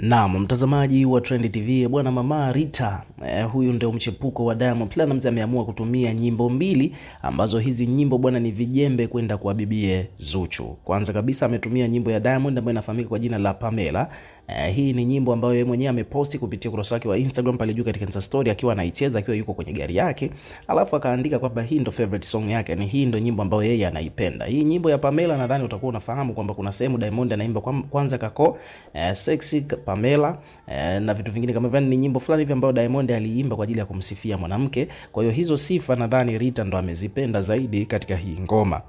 Naam, mtazamaji wa Trend TV bwana, Mama Rita eh, huyu ndio mchepuko wa Diamond Platnumz ameamua kutumia nyimbo mbili ambazo hizi nyimbo bwana ni vijembe kwenda kwa bibie Zuchu. Kwanza kabisa ametumia nyimbo ya Diamond ambayo inafahamika kwa jina la Pamela Uh, hii ni nyimbo ambayo yeye mwenyewe ameposti kupitia ukurasa wake wa Instagram pale juu katika Insta story akiwa anaicheza akiwa yuko kwenye gari yake, alafu akaandika kwamba hii ndo favorite song yake, ni hii ndo nyimbo ambayo yeye anaipenda. Hii nyimbo ya Pamela, nadhani utakuwa unafahamu kwamba kuna sehemu Diamond anaimba kwanza kako uh, eh, sexy Pamela uh, na vitu vingine kama hivyo, yaani ni nyimbo fulani hivi ambayo Diamond aliimba kwa ajili ya kumsifia mwanamke. Kwa hiyo hizo sifa nadhani Rita ndo amezipenda zaidi katika hii ngoma.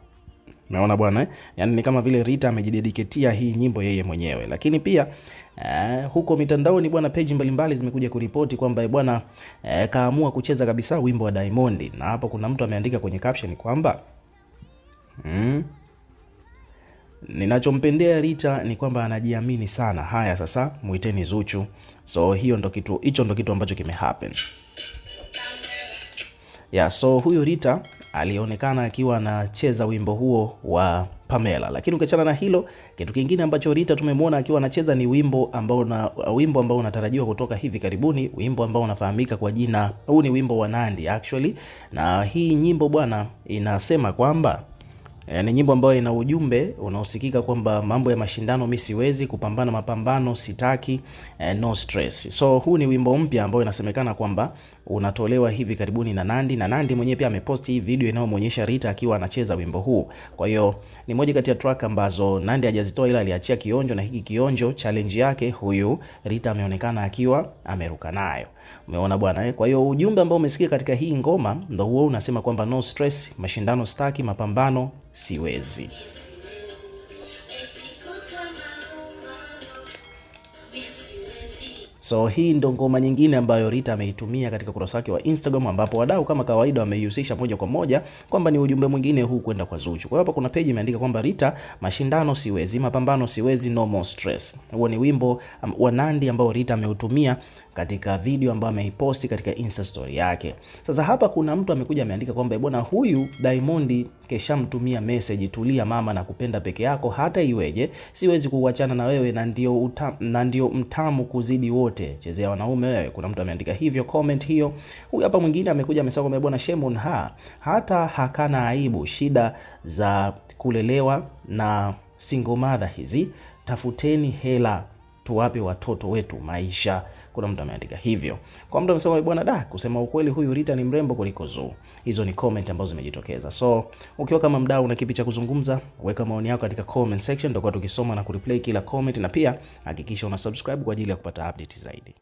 Umeona bwana eh? Yaani ni kama vile Rita amejidediketia hii nyimbo yeye mwenyewe, lakini pia eh, huko mitandaoni bwana, peji mbalimbali zimekuja kuripoti kwamba eh, bwana eh, kaamua kucheza kabisa wimbo wa Diamond, na hapo kuna mtu ameandika kwenye caption kwamba mm, ninachompendea Rita ni kwamba anajiamini sana. Haya sasa muiteni Zuchu. So hiyo ndo kitu, hicho ndo kitu ambacho kimehappen. Yeah, so huyo Rita alionekana akiwa anacheza wimbo huo wa Pamela. Lakini ukiachana na hilo, kitu kingine ambacho Rita tumemwona akiwa anacheza ni wimbo ambao na wimbo ambao unatarajiwa kutoka hivi karibuni, wimbo ambao unafahamika kwa jina, huu ni wimbo wa Nandi actually, na hii nyimbo bwana inasema kwamba eh, ni nyimbo ambayo ina ujumbe unaosikika kwamba mambo ya mashindano mi siwezi kupambana, mapambano sitaki, eh, no stress. So huu ni wimbo mpya ambao inasemekana kwamba unatolewa hivi karibuni na Nandi, na Nandi mwenyewe pia ameposti hii video inayomwonyesha Rita akiwa anacheza wimbo huu. Kwa hiyo ni moja kati ya track ambazo Nandi hajazitoa ila aliachia kionjo, na hiki kionjo challenge yake huyu Rita ameonekana akiwa ameruka nayo. Umeona bwana eh? Kwa hiyo ujumbe ambao umesikia katika hii ngoma ndo huo unasema kwamba no stress, mashindano staki, mapambano siwezi. So hii ndo ngoma nyingine ambayo Rita ameitumia katika ukurasa wake wa Instagram, ambapo wadau kama kawaida wameihusisha moja kwa moja kwamba ni ujumbe mwingine huu kwenda kwa Zuchu. Kwa hiyo hapa kuna page imeandika kwamba Rita, mashindano siwezi, mapambano siwezi, no more stress. Huo ni wimbo um, wa Nandi ambao Rita ameutumia katika video ambayo ameiposti katika Insta story yake. Sasa hapa kuna mtu amekuja ameandika kwamba eh bwana, huyu Diamond keshamtumia message, tulia mama na kupenda peke yako, hata iweje siwezi kuachana na wewe, na ndio na ndio mtamu kuzidi wote, chezea wanaume wewe. Kuna mtu ameandika hivyo comment hiyo. Huyu hapa mwingine amekuja amesema kwamba eh bwana, Shemon ha hata hakana aibu, shida za kulelewa na single mother hizi, tafuteni hela tuwape watoto wetu maisha. Kuna mtu ameandika hivyo. Kwa mtu amesema bwana, da, kusema ukweli huyu Rita ni mrembo kuliko Zuu. Hizo ni comment ambazo zimejitokeza. So, ukiwa kama mdau una kipi cha kuzungumza, weka maoni yako katika comment section, tutakuwa tukisoma na kureplay kila comment na pia hakikisha una subscribe kwa ajili ya kupata update zaidi.